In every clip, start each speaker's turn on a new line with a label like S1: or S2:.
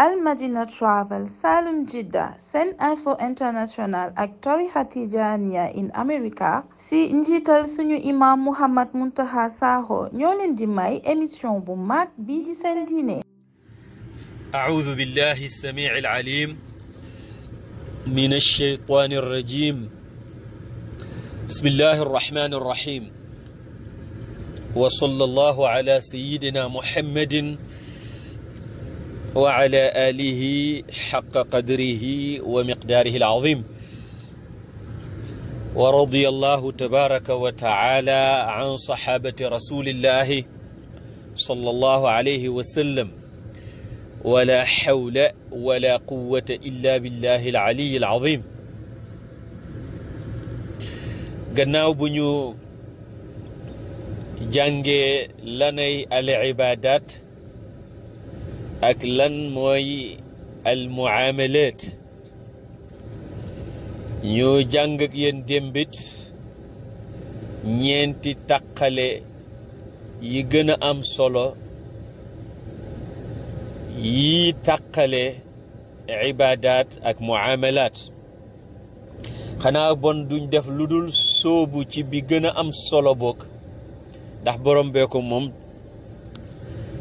S1: al madina travel salum jidda sen info international ak tarixa tijaniya in america si njiital suñu imam muhammad muntaha sakho ñoo leen di bu mag bii di seen diine أعوذ بالله السميع العليم من الشيطان الرجيم بسم الله wa ala alihi xaqa qadrihi wa miqdaarihi alazim wa radiya allahu tabaraka wa taala an saxaabati rasulillahi sallallahu alayhi wa sallam wala xawla wala quwwata illa billahi alaliyi alazim gannaaw bu ñu jàngee lanay al ibadat ak lan mooy al muamalaat ñu jàng ak yéen démbit ñeenti taqale yi gën a am solo yii taqale ibaadaat ak muamalaat xanaa bon duñ def lu dul sóobu ci bi gën a am solo boog ndax borom bee ko moom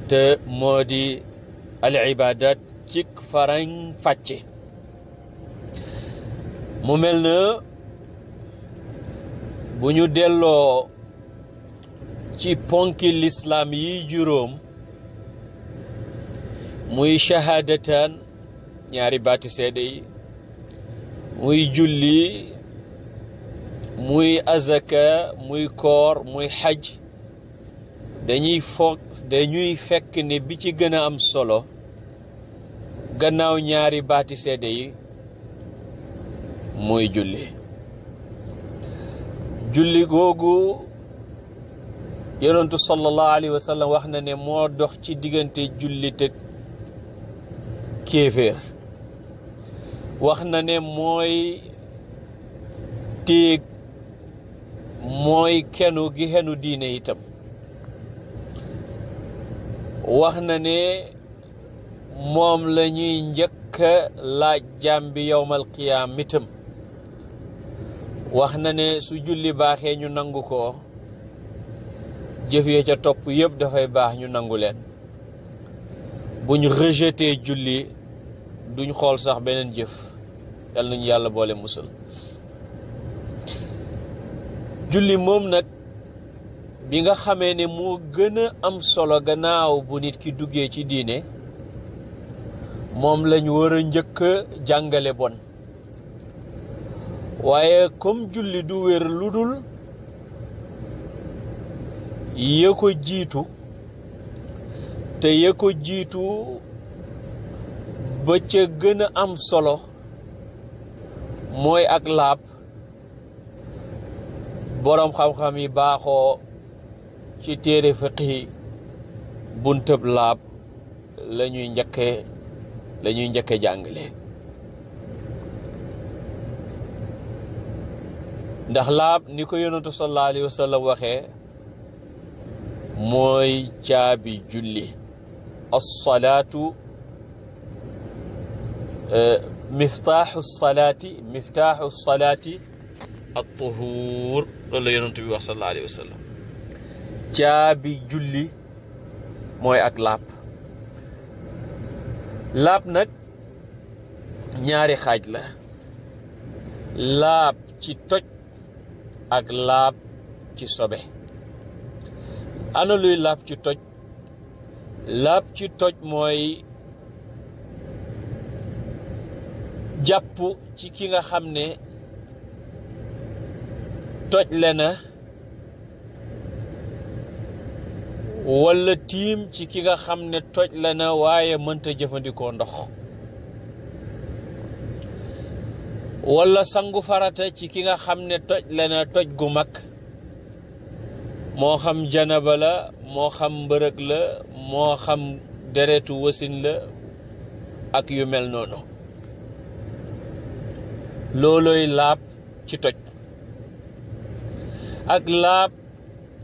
S1: te moo di al ibadat ci farañ fàcce mu mel na bu ñu delloo ci ponki lislaam yi juróom muy shahaadataan ñaari baati seede yi muy julli muy azaka muy koor muy xaj dañuy foog dañuy fekk ni bi ci gën a am solo gannaaw ñaari baati seede yi mooy julli julli googu yonentu sallallahu wax na ne moo dox ci diggante jullit ak kéeféer wax na ne mooy téeg mooy kenu gi xenu diine itam wax na ne moom lañuy ñuy njëkk laaj jaam bi yowmal qiyaam itam wax na ne su julli baaxee ñu nangu ko jëf ya ca topp yépp dafay baax ñu nangu leen buñ rejeté julli duñ xool sax beneen jëf yal yàlla boole musal julli moom nag bi nga xamee ne moo gën a am solo gannaaw bu nit ki duggee ci diine moom lañ war a njëkk jàngale bon waaye kom julli du wér ludul dul jiitu te ya ko jiitu ba ca gën a am solo mooy ak laab boroom xam-xam yi baaxoo ci téere fiqhi bunt laab la ñuy njëkke la ñuy jàngale ndax laab ni ko yonentu sallallahu alayhi wa sallam waxee mooy caabi julli alsalaatu eh, miftaaxu salaati miftaaxu salaati at-tuhuur loolu la bi wax sallallahu alayhi wa sallam caabi julli mooy ak laab laab nag ñaari xaaj la laab ci toj ak laab ci sobe ana luy laab ci toj laab ci toj mooy jàpp ci ki nga xam ne toj le na wala tiim ci ki nga xam ne toj la na waaye mënta jëfandikoo ndox wala sangu farata ci ki nga xam ne toj la na toj gu mag moo xam janaba la moo xam mbërëg la moo xam deretu wasin la ak yu mel noonu loolooy laab ci toj ak laab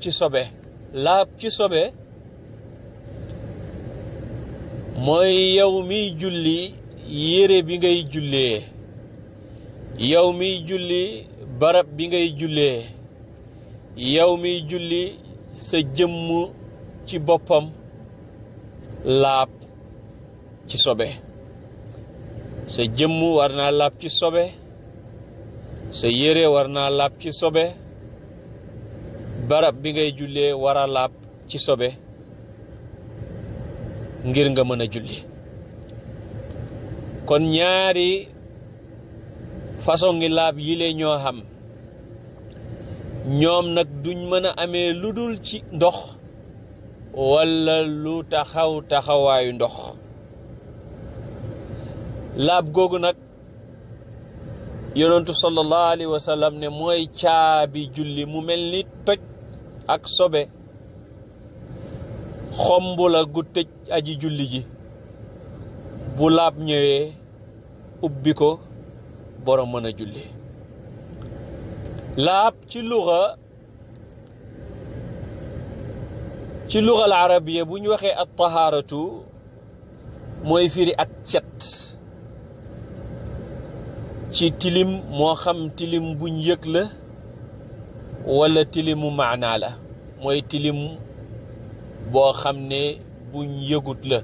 S1: ci sobe laab ci sobe mooy yow miy julli yére bi ngay jullee yow miy julli barab bi ngay jullee yow miy julli sa jëmm ci boppam laab ci sobe sa jëmm war naa laab ci sobe sa yére war naa laab ci sobe barab bi ngay jullee wara a laab ci sobe ngir nga mën a julli kon ñaari façon ngi laab yile ñoo xam ñoom nag duñ mën a ame lu dul ci ndox walla lu taxaw taxawaayu ndox laab googu nag yonentu sallallahu alayhi wa sallam ne mooy caabi julli mu mel ni toj ak sobe xomb la gu tëj aji julli ji bu laab ñëwee ubbi ko borom mën a julli laab ci luxa ci luxa al arabiya bu ñu waxee at tahaaratu mooy firi ak cet ci tilim moo xam tilim buñ yëg la wala tilimu maanaa la mooy tilim boo xam ne buñ yëgut la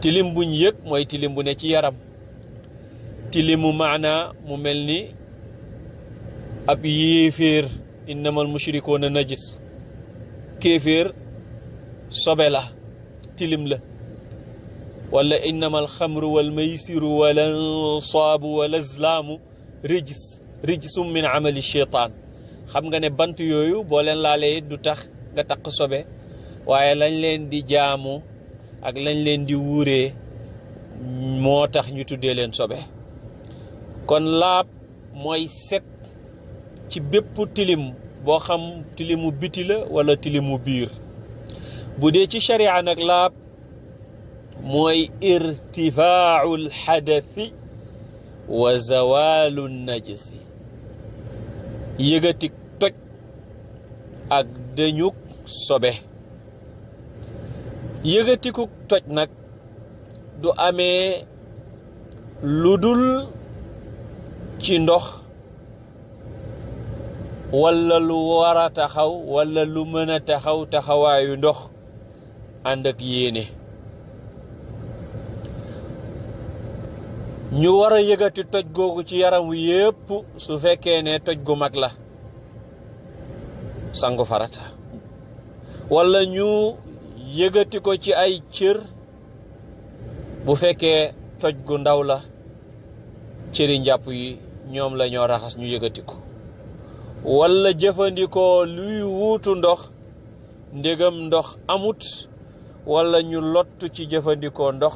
S1: tilim buñ yëg mooy tilim bu ne ci yaram tilimu maana mu mel ni ab yéeféer innamal mushrikuuna najis kéeféer sobe la tilim la wala innamal xamru wal maysiru wal ansaabu wal azlaamu rijis rijsum min amali cheytaan xam nga ne bant yooyu boo leen laalee du tax nga taq sobe waaye lañ leen di jaamu ak lañ leen di wuure moo tax ñu tuddee leen sobe kon laab mooy set ci bépp tilim boo xam tilimu biti la wala tilimu biir bu dee ci sharia nag laab mooy irtifaaul xadathi wa zawaalu najasi yëgatik toj ak dëñuk sobe yëgatikuk toj nag du amee lu dul ci ndox walla lu wara taxaw walla lu mën a taxaw taxawaayu ndox ànd ak yéene ñu war a yëgati toj googu ci yaram yépp su fekkee ne toj gu mag la sangu farata walla ñu yëgati ko ci ay cër bu fekkee toj gu ndaw la cëri njàpp yi ñoom la raxas ñu yëgati ko walla jëfandikoo luy wuutu ndox ndégam ndox amut walla ñu lott ci jëfandikoo ndox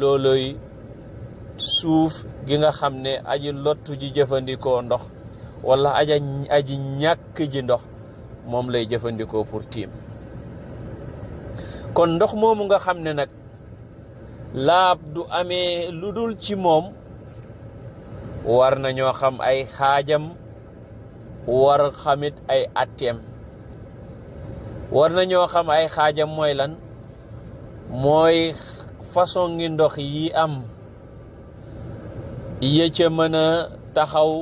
S1: looloy suuf gi nga xam ne aji lottu ji jëfandikoo ndox walla aja aji ñàkk ji ndox moom lay jëfandikoo pour tiim kon ndox moomu nga xam ne nag laab du amee lu dul ci moom war na ñoo xam ay xaajam war xamit ay atteem war nañoo xam ay xaajam mooy lan moy façon ngi ndox yi am yë ca mën a taxaw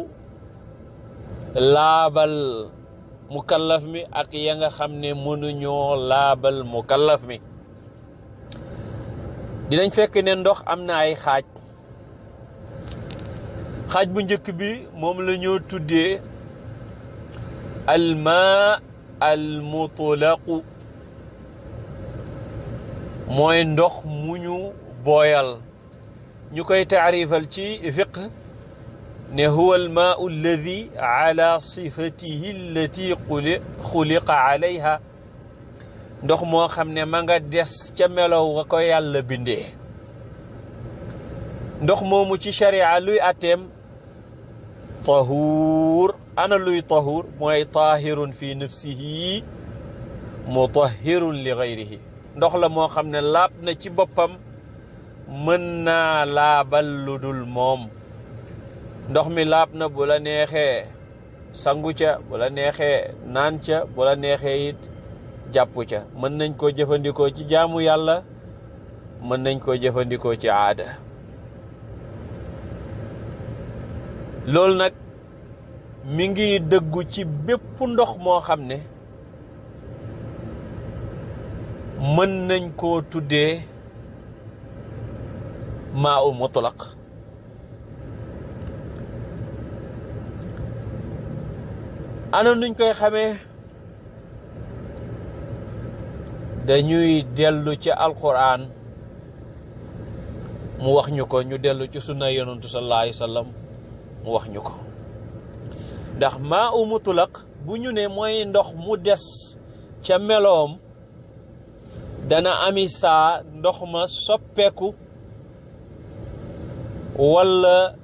S1: laabal mukallaf mi ak ya nga xam ne mënuñoo laabal mukallaf mi dinañ fekk ne ndox am na ay xaaj xaaj bu njëkk bi moom la ñoo tuddee alma al mutlaqu mooy ndox mu ñu booyal ñu koy taarifal ci fiq ne huwa almaau alladi ala sifatihi allati xuliqa alayha ndox moo xam ne ma nga des ca melow nga ko yàlla bindee ndox moomu ci sharia luy atteem tahuur ana luy tahuur mooy taahirun fi nafsihi mutahirun li gayrihi ndox la moo xam ne laab na ci boppam mën naa laabal lu dul moom ndox mi laab na bu la neexee sangu ca bu la neexee naan ca bu la neexee it jàpp ca mën nañ koo jëfandikoo ci jaamu yàlla mën nañ koo jëfandikoo ci aada loolu nag mi ngi dëggu ci bépp ndox moo xam ne mën nañ koo tuddee maa u mutlaq ana nuñ koy xamee dañuy dellu ca alquran mu wax ñu ko ñu dellu ci sunna yonantu sallallahu alayhi wasallam mu wax ñu ko ndax maa u mutlaq bu ñu ne mooy ndox mu des ca meloom dana ami saa ndox ma soppeeku wala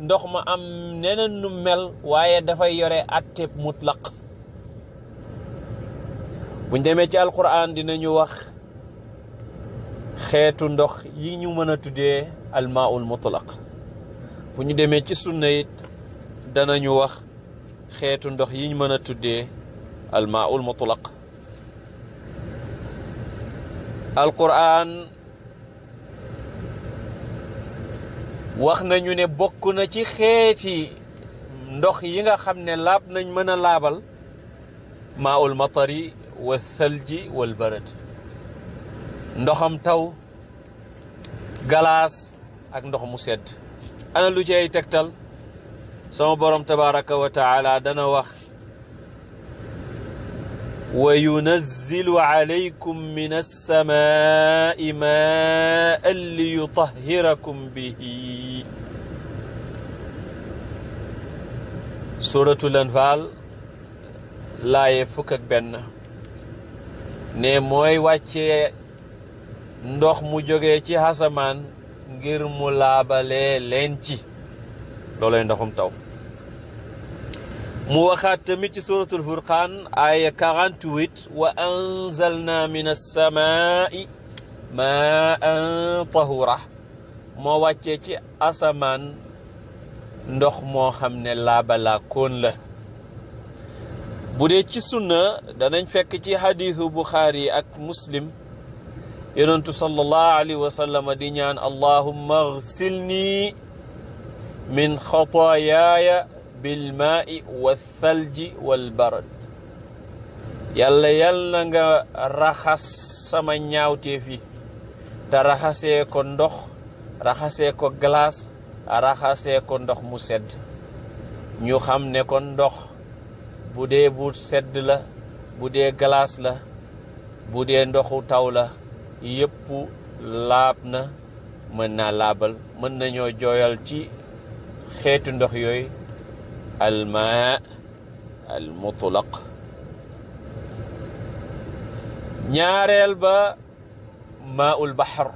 S1: ndox ma am neneen nu mel waaye dafay yore atteb mutlaq buñ demee ci dina ñu wax xeetu ndox yi ñu mën a tuddee almaul mutlaq bu ñu demee ci sunna it danañu wax xeetu ndox yi ñu mën a tuddee almaul mutlaq alquran wax nañu ne bokk na ci xeeti ndox yi nga xam ne laab nañ mën a laabal maaul matari wa thalji wal barad ndoxam taw galaas ak ndox mu sedd ana lu ci ay tegtal sama borom tabaraka wa taala dana wax wa yunazzilu alaykum min alsamaai maan li yutahirakum bihi suuratul anfaal laaye fukk ak ne mooy wàccee ndox mu jógee ci asamaan ngir mu laabalee leen ci loolay ndoxum taw mu waxaat tamit ci suuratul furqaan aaya 48 wa anzalna min as maa an tahura moo wàccee ci asamaan ndox moo xam ne laabalaa koon la bu dee ci sunna danañ fekk ci xadiisu buxaari ak muslim yonentu sallallahu alayhi wa sallam di ñaan allahumma agsilni min xataayaaya bilmaai walthalji walbarad yàlla yal na nga raxas sama ñaawteef yi te raxasee ko ndox raxasee ko glace raxasee ko ndox mu sedd ñu xam ne kon ndox bu dee bu sedd la bu dee glace la bu dee ndoxu taw la yépp laab na mën naa laabal mën nañoo jooyal ci xeetu ndox yooyu almaa al mutlaq ñaareel ba maa ul baxar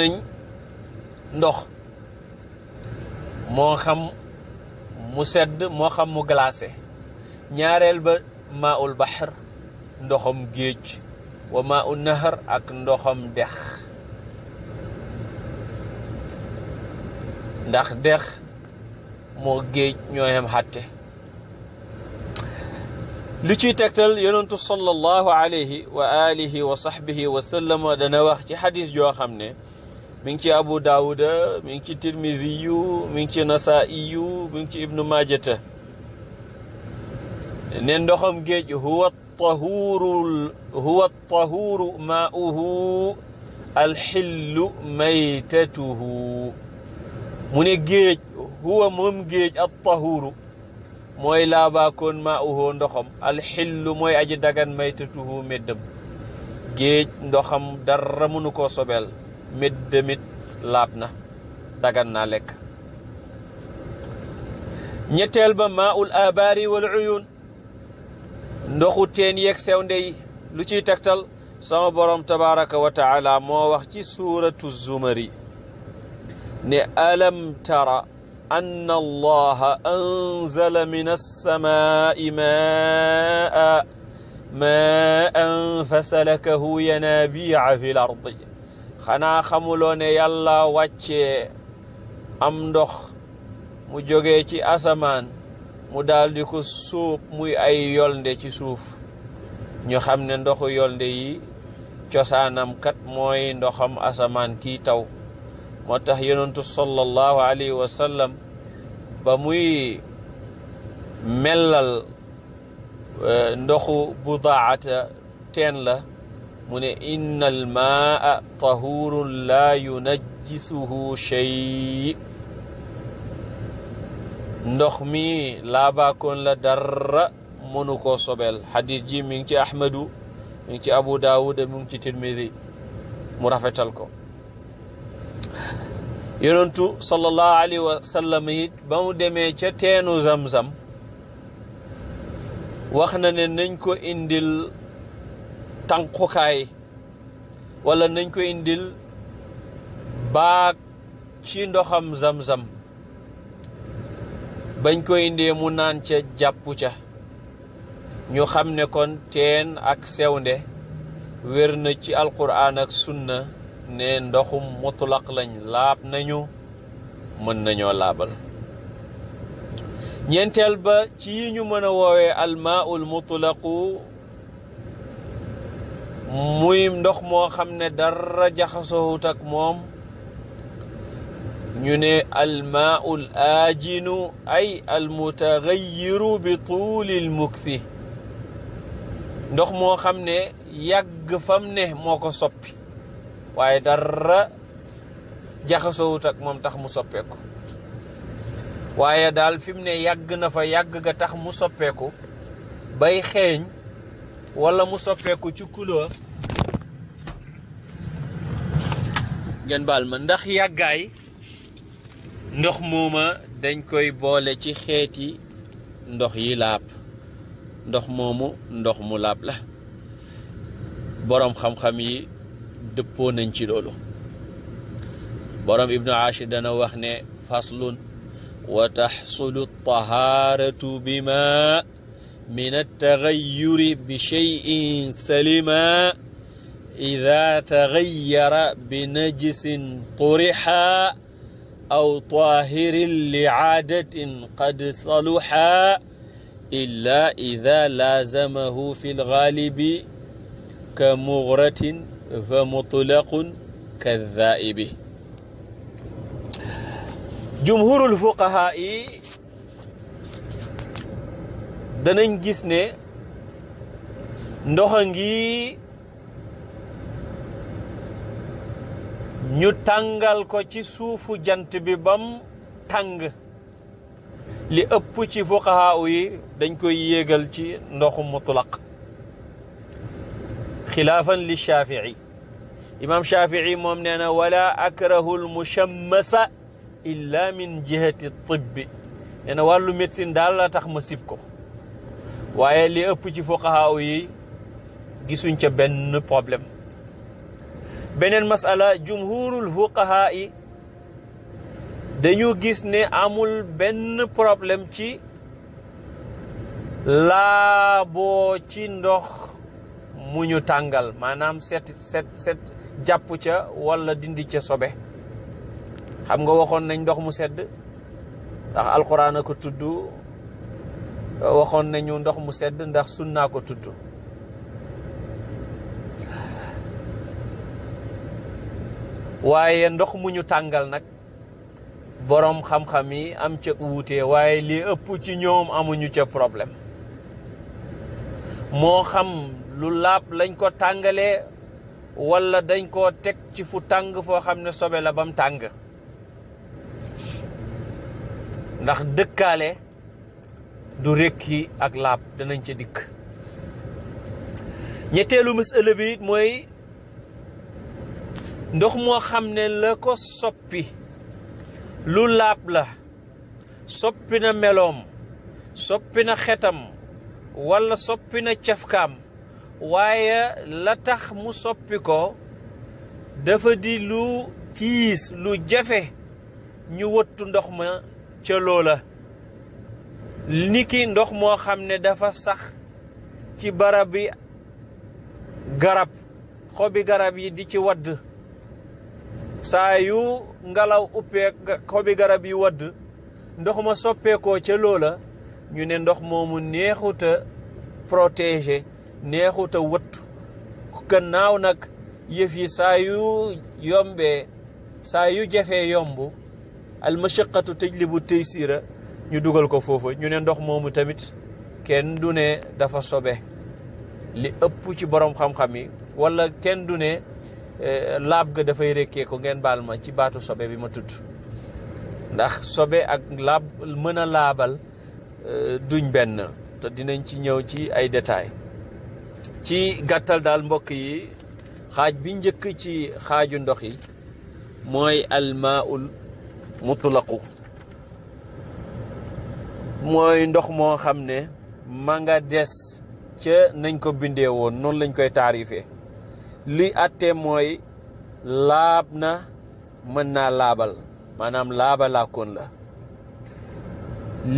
S1: nañ ndox moo xam mu sedd moo xam mu glacé ñaareel ba maaul baxar ndoxam géej wa maaul nahar ak ndoxam dex ndax dex moo géej ñoo yem xatte li ciy tegtal yonentu sallallahu alayhi wa alihi wa sahbihi wa sallama dana wax ci xadis joo xam ne mi ngi ci abu daawuda mi ngi ci tirmidi yu mi ngi ci ibnu maajata ne ndoxam géej huwa tahuuru huwa alxillu maytatuhu mu ne géej huwa moom géej at tahuuru mooy laabaakoon maa'uhu ndoxam alxillu mooy aji dagan maytatuhu méddam géej ndoxam dara mënu koo sobel mit demit laab na dagan naa lekk ñetteel ba maaul abaari wal uyun ndoxu teen yeeg sew ndey lu ciy tegtal sama borom tabaraka wa taala moo wax ci suuratu zumari ne alam tara anna allaha anzala min alsamaai maa maa an fasalakahu yanaabiica fi l ardi xanaa xamuloo ne yàlla wàccee am ndox mu jógee ci asamaan mu daldi ko suub muy ay yolnde ci suuf ñu xam ne ndoxu yolnde yi cosaanam kat mooy ndoxam asamaan kii taw moo tax yonentu sallallahu alayhi wa sallam ba muy mellal eh, ndoxu budaata teen la mu ne inna al maa tahurun yunajjisuhu shay ndox mi laabaakoon la dara mënu koo sobel xadis ji mi ngi ci ahmadu mi ci abu daawud mi ngi ci tirmidi mu rafetal ko yonentu sallallahu alayhi wa sallam it ba mu demee ca teenu zamzam wax na ne nañ ko indil tànkukaay walla nañ ko indil baag ci ndoxam zam-zam bañ ko indee mu naan ca jàppu ca ñu xam ne kon teen ak sewnde wér na ci alquraan ak sunna ne ndoxum mutlaq lañ laab nañu mën nañoo laabal ñeenteel ba ci yi ñu mën a woowe almaul mutlaqu muy ndox moo xam ne dara jaxasoowut ak moom ñu ne almaau l aajinu ay almutagayiru bi tuuli l mukthi ndox moo xam ne yàgg fam ne moo ko soppi waaye dara jaxasoowut ak moom tax mu soppeeku waaye daal fi ne yàgg na fa yàgg ga tax mu soppeeku bay xeeñ wala mu soppeeku ci couleur ngeen baal ma ndax yàggaay ndox mooma dañ koy boole ci xeeti ndox yi laab ndox moomu ndox mu laab la boroom xam-xam yi dëppoo nañ ci loolu boroom ibnu ashir dana wax ne faslun wa taxsulu tahaaratu bi ma min altaxayuri bi cheyin salima ida taxayara bi najisin qurixa aw taahirin li caadatin qad saluxa illa ida laazamahu fi lgaalibi ka mugratin fa mutlaqun kadaa'ibi jumhurul fuqahaa yi danañ gis ne ndox a ngi ñu tàngal ko ci suufu jant bi bam tàng li ëpp ci fuqahaa yi dañ koy yéegal ci ndoxu mutlaq xilaafan li shafii imam shafii moom nee na wala akrahu almushammasa illa min jihati tibbi nee na wàllu médecine daal tax ma sib ko waaye li ëpp ci fuqahaa yi gisuñ ca benn problème beneen masala jumhurul fuqahaa yi dañu gis ni amul benn problème ci laaboo ci ndox mu ñu tàngal maanaam set set set ca walla dindi ca sobe xam nga waxoon nañ ndox mu sedd ndax alxuraan a ko tudd waxoon nañu ndox mu sedd ndax sunnaa ko tudd waaye ndox mu ñu tàngal nag boroom xam-xam yi am ca wuute waaye li ëpp ci ñoom amuñu ca problème moo xam lu laab lañ ko tàngale walla dañ koo teg ci fu tàng foo xam ne sobe la bam tàng ndax dëkkaale du rekki ak laab danañ ca dikk ñetteelu masala bi it mooy ndox moo xam ne la ko soppi lu laab la soppi na meloom soppi na xetam walla soppi na cafkaam waaye la tax mu soppi ko dafa di lu tiis lu jafe ñu wëttu ndox ma ca loola niki ndox moo xam ne dafa sax ci barab bi garab xobi garab yi di ci wadd saa yu ngelaw uppee xobi garab yi wadd ndox ma soppeekoo ca loola ñu ne ndox moomu neexut a protéger neexut a wëtt gannaaw nag yëf yi saa yu yombee saa yu jafe yomb almashaqatu tajlibu taysira ñu dugal ko foofu ñu ne ndox moomu tamit kenn du ne dafa sobe li ëpp ci borom xam-xam yi wala kenn du ne eh, laab ga dafay rekkee ko ngeen baal ma ci baatu sobe bi ma tudd ndax sobe ak laab mën a laabal eh, duñ benn te dinañ ci ñëw ci ay détails ci gàttal daal mbokk yi xaaj bi njëkk ci xaaju ndox yi mooy almaul mutlaqu mooy ndox moo xam ne ma nga des ca nañ ko bindee woon noonu lañ koy taarifee li ate mooy laab na mën naa laabal maanaam laaba la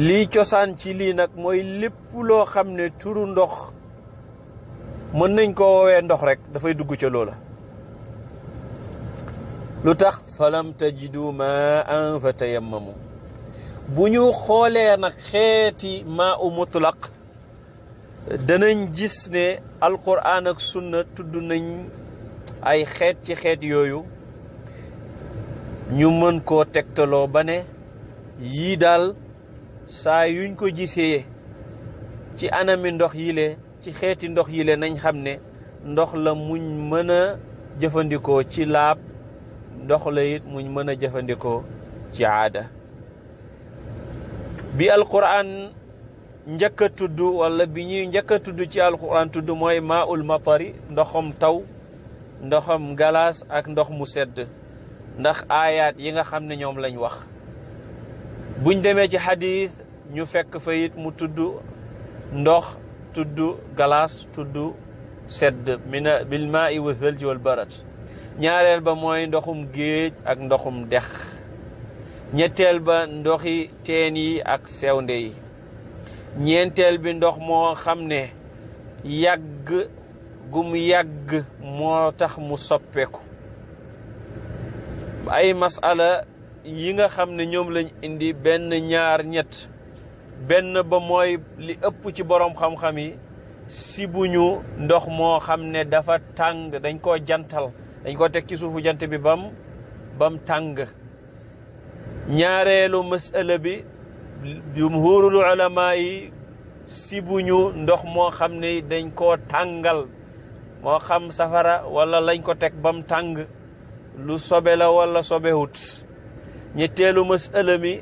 S1: lii cosaan ci lii nag mooy lépp loo xam ne turu ndox mën nañ ko woowee ndox rek dafay dugg ca loola lu tax falam tajidu ma an fa tayammamu bu ñu xoolee nag xeeti maa u mutlaq danañ gis ne alquran ak sunna tudd nañ ay xeet ci xeet yooyu ñu mën koo tegtaloo ba ne yii daal saa yuñ ko gisee ci anami ndox yile ci xeeti ndox yi le nañ xam ne ndox la muñ mën a jëfandikoo ci laab ndox la it muñ mën a jëfandikoo ci aada bi alquran njëkk tudd wala bi ñuy njëkk tudd ci alquran tudd mooy maa ul matari ndoxam taw ndoxam galaas ak ndox mu sedd ndax aayaat yi nga xam ne ñoom lañ wax buñ demee ci xadis ñu fekk fa mu tudd ndox tudd galaas tudd sedd mina bil maa i wa thalji barat ñaareel ba mooy ndoxum géej ak ndoxum dex ñetteel ba ndoxi teen ak sewnde yi ñeenteel bi ndox moo xam ne yàgg gum yàgg moo tax mu soppeeku ay masala yi nga xam ne ñoom lañ indi benn ñaar ñett benn ba mooy li ëpp ci boroom xam-xam yi si buñu ndox moo xam ne dafa tàng dañ koo jantal dañ koo teg ci suufu jant bi bam bam tàng ñaareelu masala bi jumhurul ulamaa yi sibuñu ndox moo xam ne dañ koo tàngal moo xam safara walla lañ ko teg bam tàng lu sobe la wala sobewut ñetteelu masala mi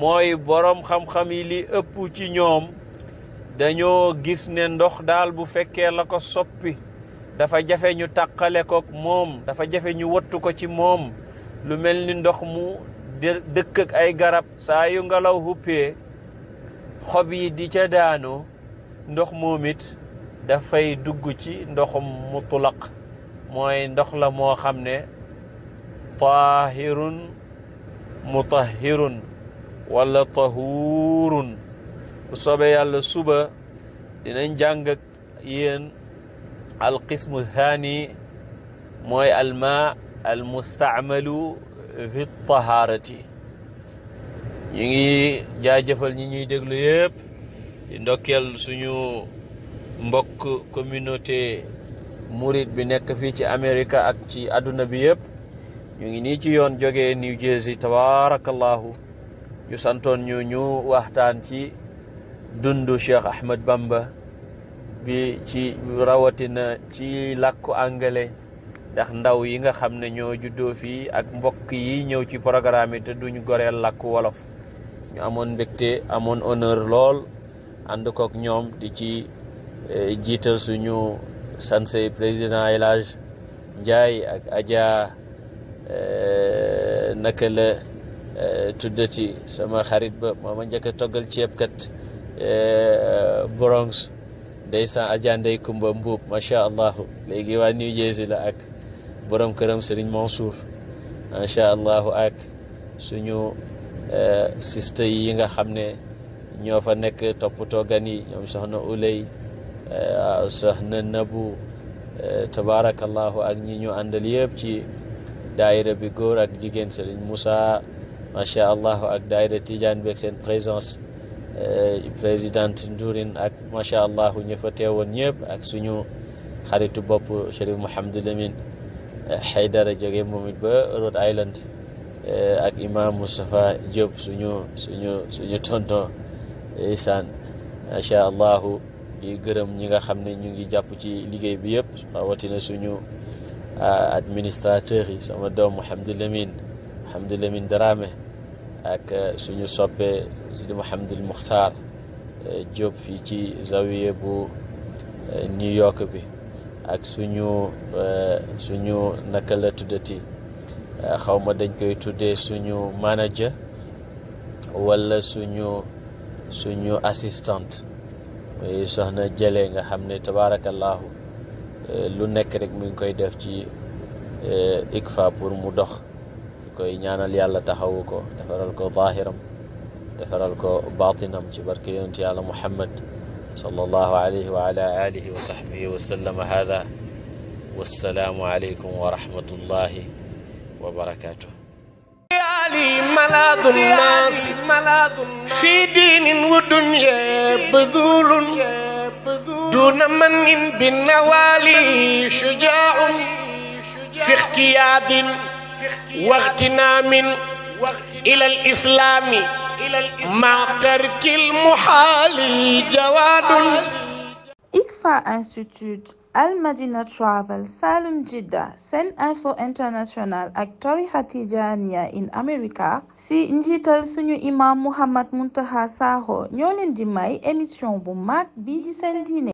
S1: mooy boroom xam-xam yi li ëpp ci ñoom dañoo gis ne ndox daal bu fekkee la ko soppi dafa jafe ñu tàqale ko moom dafa jafe ñu wattu ko ci moom lu mel ni ndox mu dëkk ay garab saa yu ngelaw xuppee xob yi di ca daanu ndox moom it dafay dugg ci ndoxum mutlaq mooy ndox la moo xam ne taahirun mutahirun wala tahuurun bu soobee yàlla suba dinañ jàng ak yéen alqismu haani mooy almaa almustaamalu fi taharati ñu ngi jaajëfal ñi ñuy déglu yëpp di ndokkeel suñu mbokk communauté murit bi nekk fii ci Amérique ak ci àdduna bi yëpp ñu ngi nii ci yoon jógee New Jersey tabarakallahu ñu santoon ñu ñu waxtaan ci dundu Cheikh Ahmed Bamba bi ci rawatina ci lakku angale ndax ndaw yi nga xam ne ñoo juddoo fii ak mbokk yi ñëw ci programme yi te duñu goreel lakk wolof ñu amoon mbégte amoon honneur lool ànd kook ñoom di ci eh, jiital suñu sanse président El njaay ak Adja eh, naka la eh, tuddati sama xarit ba maama njëkk a toggal ceebkat Bronx ndeysaan Adja Ndey Kumba Mbuub macha allah léegi waa New Jersey la ak borom këram sëriñ Mansour incha allahu ak suñu eh, siste yi nga xam ne ñoo fa nekk toppatoo gan yi ñoom soxna ulay eh, soxna nabu eh, tabaarakallahu ak ñi ñu àndal yëpp ci daayira bi góor ak jigéen sëriñ Moussa macha allah ak daayira Tidiane beeg seen présence présidente Ndurin ak macha allah ñu fa teewoon ñëpp ak suñu xaritu bopp Chérif Mouhamadou Lamine Haydara jóge moom it ba Rhode Island eh, ak imam Moustapha Diop suñu suñu suñu tonton isaan macha allahu di gërëm ñi nga xam ne ñu ngi jàpp ci liggéey bi yëpp rawatina suñu administrateur yi sama doom Mouhamadou Lamine Mouhamadou Lamine Dramé ak eh, suñu soppe sidi Mouhamadou Moukhtar eh, Diop fii ci zawiye bu New York bi ak suñu eh, suñu naka la tuddati eh, xaw ma dañ koy tuddee suñu manager wala suñu suñu assistante muy soxna jëlee nga xam ne tabaarakallaahu eh, lu nekk rek mi ngi koy def ci ICFA pour mu dox koy ñaanal yàlla taxawu ko defaral ko baahiram defaral ko baatinam ci barke yonent yàlla Muhammad صلى الله عليه وعلى آله وصحبه وسلم هذا والسلام عليكم ورحمة الله وبركاته ملاذ الناس في دين ودنيا بذول دون من بالنوالي شجاع في اختياد واغتنام إلى الإسلام ma tarkil muhaali jawaadun ICFA Institute Al Madina Travel Salum Jidda Sen Info International ak tarixa Tijaaniya in America si njiital suñu imam Mouhammad Muntaqa Sakho ñoo di may émission bu mag bii di seen diine